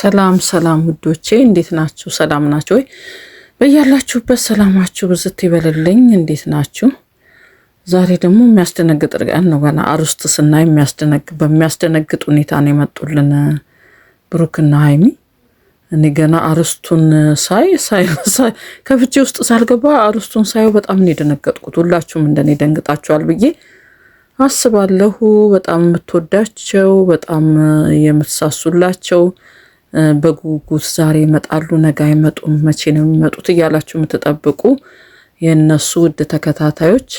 ሰላም ሰላም ውዶቼ እንዴት ናችሁ? ሰላም ናችሁ ወይ? በያላችሁበት ሰላማችሁ ብዝት ይበልልኝ። እንዴት ናችሁ? ዛሬ ደግሞ የሚያስደነግጥ ርቀን ነው። ገና አርስት ስናይ በሚያስደነግጥ ሁኔታ ነው የመጡልን ብሩክና ሀይሚ። እኔ ገና አርስቱን ሳይ ከፍቼ ውስጥ ሳልገባ አርስቱን ሳየው በጣም ነው የደነገጥኩት። ሁላችሁም እንደኔ ደንግጣችኋል ብዬ አስባለሁ። በጣም የምትወዳቸው በጣም የምትሳሱላቸው በጉጉት ዛሬ ይመጣሉ፣ ነገ አይመጡም፣ መቼ ነው የሚመጡት እያላችሁ የምትጠብቁ የእነሱ ውድ ተከታታዮች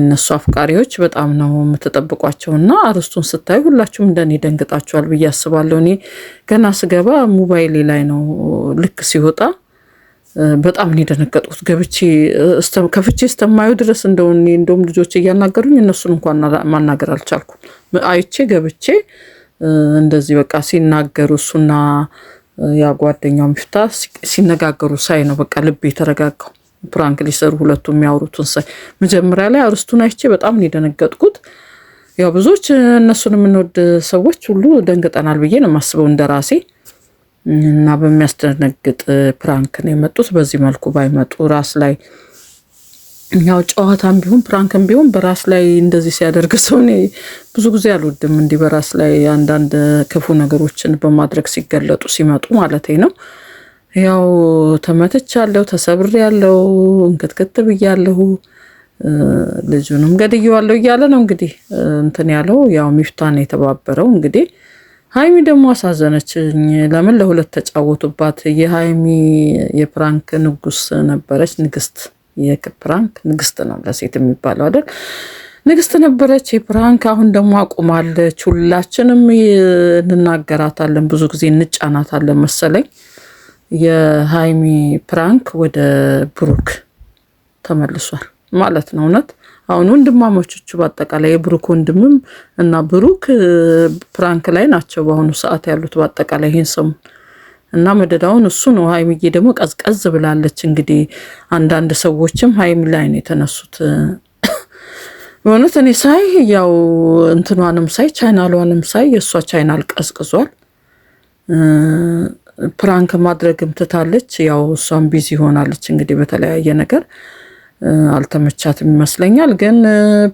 እነሱ አፍቃሪዎች በጣም ነው የምትጠብቋቸው እና አርስቱን ስታዩ ሁላችሁም እንደኔ ደንግጣችኋል ብዬ አስባለሁ። እኔ ገና ስገባ ሞባይሌ ላይ ነው ልክ ሲወጣ በጣም ነው የደነገጥኩት። ገብቼ ከፍቼ እስተማዩ ድረስ እንደውም ልጆች እያናገሩኝ እነሱን እንኳን ማናገር አልቻልኩም። አይቼ ገብቼ እንደዚህ በቃ ሲናገሩ እሱና ያ ጓደኛው ሚፍታ ሲነጋገሩ ሳይ ነው በቃ ልብ የተረጋጋው። ፕራንክ ሊሰሩ ሁለቱ የሚያወሩትን ሳይ መጀመሪያ ላይ አርስቱን አይቼ በጣም ነው የደነገጥኩት። ያው ብዙዎች እነሱን የምንወድ ሰዎች ሁሉ ደንግጠናል ብዬ ነው የማስበው እንደ ራሴ እና በሚያስደነግጥ ፕራንክ ነው የመጡት። በዚህ መልኩ ባይመጡ ራስ ላይ ያው ጨዋታም ቢሆን ፕራንክም ቢሆን በራስ ላይ እንደዚህ ሲያደርግ ሰው እኔ ብዙ ጊዜ አልወድም። እንዲህ በራስ ላይ አንዳንድ ክፉ ነገሮችን በማድረግ ሲገለጡ ሲመጡ ማለት ነው። ያው ተመትቻለሁ፣ ተሰብሬያለሁ፣ እንክትክት ብያለሁ፣ ልጁንም ገድዬዋለሁ እያለ ነው እንግዲህ እንትን ያለው ያው ሚፍታን የተባበረው እንግዲህ ሀይሚ ደግሞ አሳዘነችኝ። ለምን ለሁለት ተጫወቱባት። የሀይሚ የፕራንክ ንጉስ ነበረች ንግስት የፕራንክ ንግስት ነው ለሴት የሚባለው አይደል? ንግስት ነበረች የፕራንክ። አሁን ደግሞ አቁማለች። ሁላችንም እንናገራታለን፣ ብዙ ጊዜ እንጫናታለን መሰለኝ። የሀይሚ ፕራንክ ወደ ብሩክ ተመልሷል ማለት ነው። እውነት አሁን ወንድማማቾቹ በአጠቃላይ የብሩክ ወንድምም እና ብሩክ ፕራንክ ላይ ናቸው በአሁኑ ሰዓት ያሉት በአጠቃላይ ይህን ሰሙን እና መደዳውን እሱ ነው። ሀይሚዬ ደግሞ ቀዝቀዝ ብላለች። እንግዲህ አንዳንድ ሰዎችም ሀይሚ ላይ ነው የተነሱት። በእውነት እኔ ሳይ ያው እንትኗንም ሳይ ቻይናሏንም ሳይ የእሷ ቻይናል ቀዝቅዟል። ፕራንክ ማድረግም ትታለች። ያው እሷም ቢዚ ሆናለች እንግዲህ በተለያየ ነገር አልተመቻትም ይመስለኛል። ግን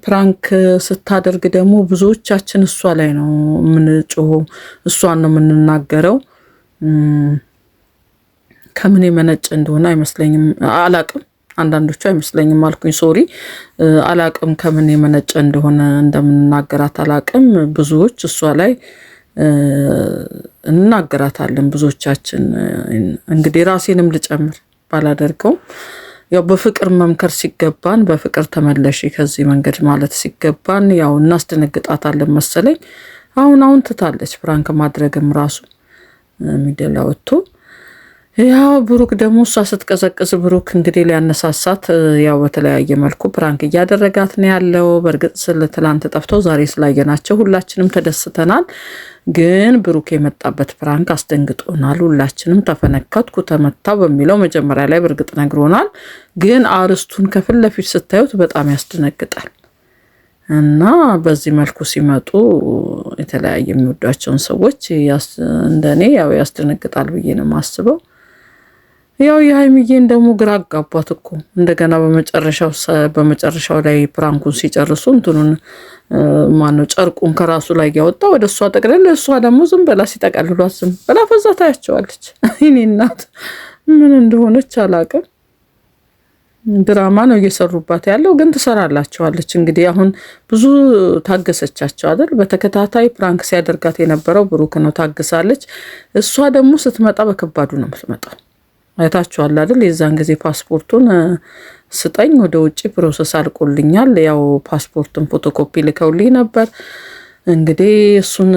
ፕራንክ ስታደርግ ደግሞ ብዙዎቻችን እሷ ላይ ነው የምንጮኸው፣ እሷን ነው የምንናገረው። ከምን የመነጨ እንደሆነ አይመስለኝም፣ አላቅም። አንዳንዶቹ አይመስለኝም አልኩኝ፣ ሶሪ አላቅም፣ ከምን የመነጨ እንደሆነ እንደምንናገራት አላቅም። ብዙዎች እሷ ላይ እንናገራታለን። ብዙዎቻችን እንግዲህ ራሴንም ልጨምር ባላደርገው ያው በፍቅር መምከር ሲገባን በፍቅር ተመለሽ ከዚህ መንገድ ማለት ሲገባን ያው እናስደነግጣታለን መሰለኝ። አሁን አሁን ትታለች፣ ፍራንክ ማድረግም ራሱ ሚደላ ወጥቶ ያው ብሩክ ደግሞ እሷ ስትቀዘቅዝ ብሩክ እንግዲህ ሊያነሳሳት ያው በተለያየ መልኩ ፕራንክ እያደረጋት ነው ያለው። በእርግጥ ስለ ትላንት ጠፍተው ዛሬ ስላየናቸው ሁላችንም ተደስተናል። ግን ብሩክ የመጣበት ፕራንክ አስደንግጦናል። ሁላችንም ተፈነከትኩ፣ ተመታው በሚለው መጀመሪያ ላይ በእርግጥ ነግሮናል። ግን አርስቱን ከፊት ለፊት ስታዩት በጣም ያስደነግጣል። እና በዚህ መልኩ ሲመጡ የተለያየ የሚወዷቸውን ሰዎች እንደኔ ያው ያስደነግጣል ብዬ ነው የማስበው። ያው የሀይሚዬን ደግሞ ግራ አጋቧት እኮ እንደገና በመጨረሻው በመጨረሻው ላይ ፕራንኩን ሲጨርሱ እንትኑን ማነው ጨርቁን ከራሱ ላይ ያወጣ ወደ እሷ ጠቅለል፣ እሷ ደግሞ ዝም በላ ሲጠቀልሏት ዝም በላ ፈዛ ታያቸዋለች። ይኔ እናት ምን እንደሆነች አላቅም። ድራማ ነው እየሰሩባት ያለው። ግን ትሰራላቸዋለች። እንግዲህ አሁን ብዙ ታገሰቻቸው አይደል? በተከታታይ ፕራንክ ሲያደርጋት የነበረው ብሩክ ነው፣ ታግሳለች። እሷ ደግሞ ስትመጣ በከባዱ ነው የምትመጣው። አይታችኋል አይደል? የዛን ጊዜ ፓስፖርቱን ስጠኝ፣ ወደ ውጭ ፕሮሰስ አልቆልኛል፣ ያው ፓስፖርትን ፎቶኮፒ ልከውልኝ ነበር እንግዲህ እሱን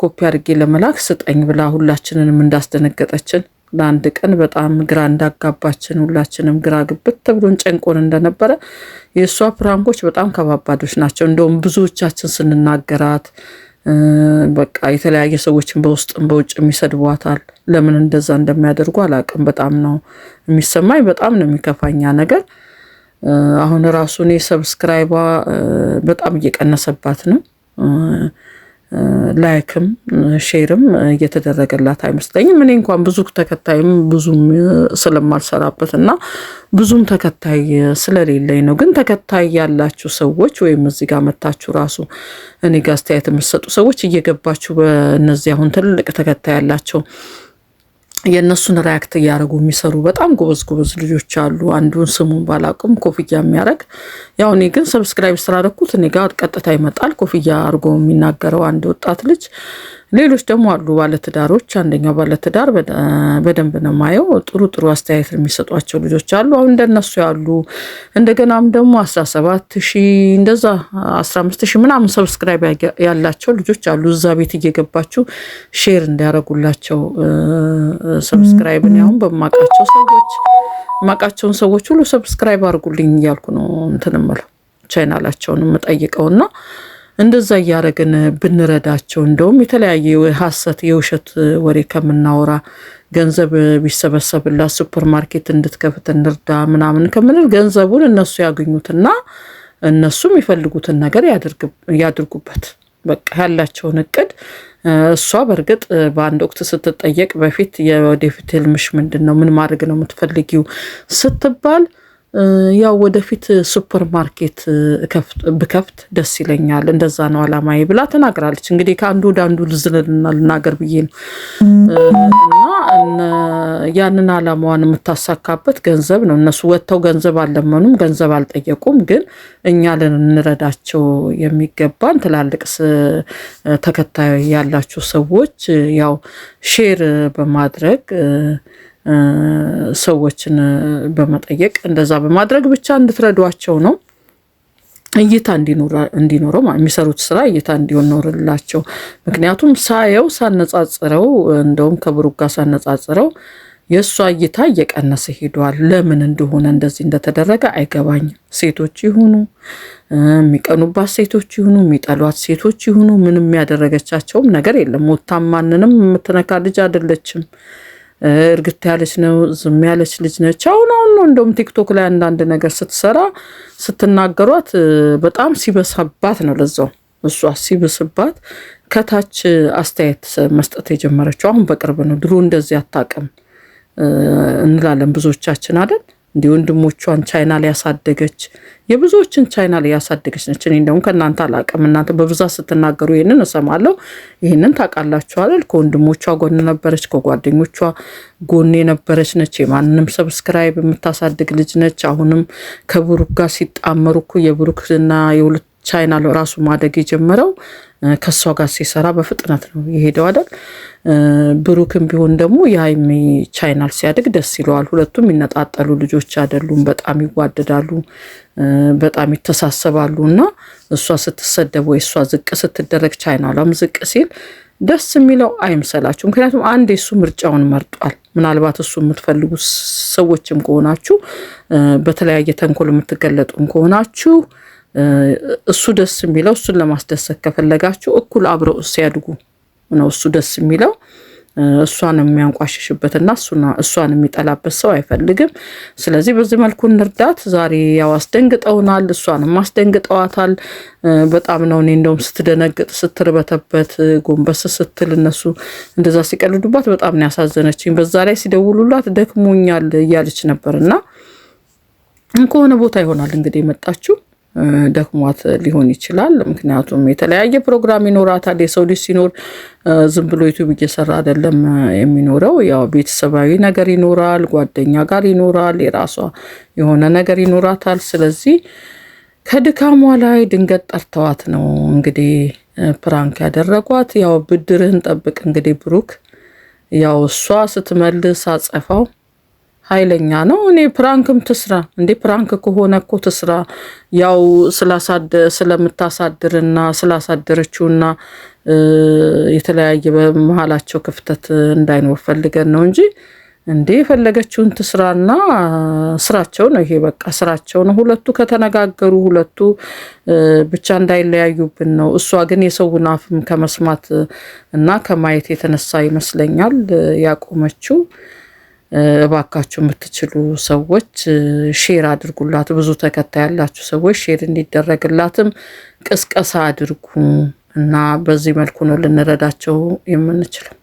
ኮፒ አድርጌ ለመላክ ስጠኝ ብላ ሁላችንንም እንዳስደነገጠችን ለአንድ ቀን በጣም ግራ እንዳጋባችን ሁላችንም ግራ ግብት ተብሎን ጨንቆን እንደነበረ የእሷ ፕራንኮች በጣም ከባባዶች ናቸው። እንደውም ብዙዎቻችን ስንናገራት በቃ የተለያየ ሰዎችን በውስጥም በውጭ የሚሰድቧታል። ለምን እንደዛ እንደሚያደርጉ አላቅም። በጣም ነው የሚሰማኝ፣ በጣም ነው የሚከፋኛ ነገር። አሁን ራሱ እኔ ሰብስክራይቧ በጣም እየቀነሰባት ነው ላይክም ሼርም እየተደረገላት አይመስለኝም። እኔ እንኳን ብዙ ተከታይም ብዙም ስለማልሰራበት እና ብዙም ተከታይ ስለሌለኝ ነው። ግን ተከታይ ያላችሁ ሰዎች ወይም እዚህ ጋር መታችሁ ራሱ እኔ ጋር አስተያየት የምትሰጡ ሰዎች እየገባችሁ በእነዚህ አሁን ትልቅ ተከታይ ያላቸው የእነሱን ሪያክት እያደረጉ የሚሰሩ በጣም ጎበዝ ጎበዝ ልጆች አሉ። አንዱን ስሙን ባላቁም ኮፍያ የሚያደርግ ያው እኔ ግን ሰብስክራይብ ስላደረኩት እኔ ጋር ቀጥታ ይመጣል። ኮፍያ አድርጎ የሚናገረው አንድ ወጣት ልጅ ሌሎች ደግሞ አሉ ባለትዳሮች። አንደኛው ባለትዳር በደንብ ነው የማየው። ጥሩ ጥሩ አስተያየት የሚሰጧቸው ልጆች አሉ። አሁን እንደነሱ ያሉ እንደገናም ደግሞ አስራ ሰባት ሺህ እንደዛ አስራ አምስት ሺህ ምናምን ሰብስክራይብ ያላቸው ልጆች አሉ። እዛ ቤት እየገባችሁ ሼር እንዲያደርጉላቸው ሰብስክራይብን ያሁን በማቃቸው ሰዎች ማቃቸውን ሰዎች ሁሉ ሰብስክራይብ አድርጉልኝ እያልኩ ነው እንትን ቻይናላቸውን የምጠይቀውና እንደዛ እያደረግን ብንረዳቸው እንደውም የተለያየ ሀሰት የውሸት ወሬ ከምናወራ ገንዘብ ቢሰበሰብላት ሱፐር ማርኬት እንድትከፍት እንርዳ ምናምን ከምንል ገንዘቡን እነሱ ያገኙትና እነሱ የሚፈልጉትን ነገር ያድርጉበት። በቃ ያላቸውን እቅድ እሷ በእርግጥ በአንድ ወቅት ስትጠየቅ በፊት የወደፊት ህልምሽ ምንድን ነው? ምን ማድረግ ነው የምትፈልጊው ስትባል ያው ወደፊት ሱፐር ማርኬት ብከፍት ደስ ይለኛል፣ እንደዛ ነው አላማዬ ብላ ተናግራለች። እንግዲህ ከአንዱ ወደ አንዱ ልዝልና ልናገር ብዬ ነው እና ያንን አላማዋን የምታሳካበት ገንዘብ ነው። እነሱ ወጥተው ገንዘብ አልለመኑም፣ ገንዘብ አልጠየቁም። ግን እኛ ልንረዳቸው የሚገባን ትላልቅ ተከታይ ያላችሁ ሰዎች ያው ሼር በማድረግ ሰዎችን በመጠየቅ እንደዛ በማድረግ ብቻ እንድትረዷቸው ነው። እይታ እንዲኖረው የሚሰሩት ስራ እይታ እንዲኖርላቸው። ምክንያቱም ሳየው ሳነጻጽረው፣ እንደውም ከብሩጋ ጋር ሳነጻጽረው የእሷ እይታ እየቀነሰ ሄዷል። ለምን እንደሆነ እንደዚህ እንደተደረገ አይገባኝም። ሴቶች ይሁኑ የሚቀኑባት ሴቶች ይሁኑ የሚጠሏት ሴቶች ይሁኑ ምንም ያደረገቻቸውም ነገር የለም። ሞታ ማንንም የምትነካ ልጅ አይደለችም። እርግት ያለች ነው፣ ዝም ያለች ልጅ ነች። አሁን አሁን ነው እንደውም ቲክቶክ ላይ አንዳንድ ነገር ስትሰራ ስትናገሯት በጣም ሲበሳባት ነው ለዛው እሷ ሲብስባት ከታች አስተያየት መስጠት የጀመረችው አሁን በቅርብ ነው። ድሮ እንደዚህ አታውቅም እንላለን ብዙዎቻችን አይደል? እንዲህ ወንድሞቿን ቻይና ላይ ያሳደገች የብዙዎችን ቻይና ላይ ያሳደገች ነች። እኔ እንደውም ከእናንተ አላቅም። እናንተ በብዛት ስትናገሩ ይህንን እሰማለሁ። ይህንን ታውቃላችኋል። ከወንድሞቿ ጎን ነበረች፣ ከጓደኞቿ ጎን የነበረች ነች። የማንም ሰብስክራይብ የምታሳድግ ልጅ ነች። አሁንም ከብሩክ ጋር ሲጣመሩ እኮ የብሩክና የሁለት ቻይና ራሱ ማደግ የጀመረው ከእሷ ጋር ሲሰራ በፍጥነት ነው የሄደው አይደል። ብሩክም ቢሆን ደግሞ የሀይሚ ቻይናል ሲያድግ ደስ ይለዋል። ሁለቱም የሚነጣጠሉ ልጆች አይደሉም። በጣም ይዋደዳሉ፣ በጣም ይተሳሰባሉ እና እሷ ስትሰደብ ወይ እሷ ዝቅ ስትደረግ ቻይናሏም ዝቅ ሲል ደስ የሚለው አይምሰላችሁ። ምክንያቱም አንድ የሱ ምርጫውን መርጧል። ምናልባት እሱ የምትፈልጉ ሰዎችም ከሆናችሁ በተለያየ ተንኮል የምትገለጡም ከሆናችሁ እሱ ደስ የሚለው እሱን ለማስደሰት ከፈለጋችሁ እኩል አብረው ሲያድጉ ነው እሱ ደስ የሚለው። እሷን የሚያንቋሽሽበትና እሷን የሚጠላበት ሰው አይፈልግም። ስለዚህ በዚህ መልኩ እንርዳት። ዛሬ ያው አስደንግጠውናል፣ እሷንም አስደንግጠዋታል። በጣም ነው እኔ እንደውም ስትደነግጥ ስትርበተበት፣ ጎንበስ ስትል እነሱ እንደዛ ሲቀልዱባት በጣም ነው ያሳዘነችኝ። በዛ ላይ ሲደውሉላት ደክሞኛል እያለች ነበር እና ከሆነ ቦታ ይሆናል እንግዲህ የመጣችው ደክሟት ሊሆን ይችላል። ምክንያቱም የተለያየ ፕሮግራም ይኖራታል። የሰው ልጅ ሲኖር ዝም ብሎ ዩቱብ እየሰራ አይደለም የሚኖረው። ያው ቤተሰባዊ ነገር ይኖራል፣ ጓደኛ ጋር ይኖራል፣ የራሷ የሆነ ነገር ይኖራታል። ስለዚህ ከድካሟ ላይ ድንገት ጠርተዋት ነው እንግዲህ ፕራንክ ያደረጓት። ያው ብድርህን ጠብቅ እንግዲህ ብሩክ። ያው እሷ ስትመልስ አጸፋው ኃይለኛ ነው። እኔ ፕራንክም ትስራ እንዴ ፕራንክ ከሆነ እኮ ትስራ። ያው ስለምታሳድርና ስላሳደረችውና የተለያየ በመሀላቸው ክፍተት እንዳይኖር ፈልገን ነው እንጂ እንዴ የፈለገችውን ትስራና ስራቸው ነው። ይሄ በቃ ስራቸው ነው። ሁለቱ ከተነጋገሩ ሁለቱ ብቻ እንዳይለያዩብን ነው። እሷ ግን የሰውን አፍም ከመስማት እና ከማየት የተነሳ ይመስለኛል ያቆመችው። እባካችሁ የምትችሉ ሰዎች ሼር አድርጉላት። ብዙ ተከታይ ያላችሁ ሰዎች ሼር እንዲደረግላትም ቅስቀሳ አድርጉ እና በዚህ መልኩ ነው ልንረዳቸው የምንችለው።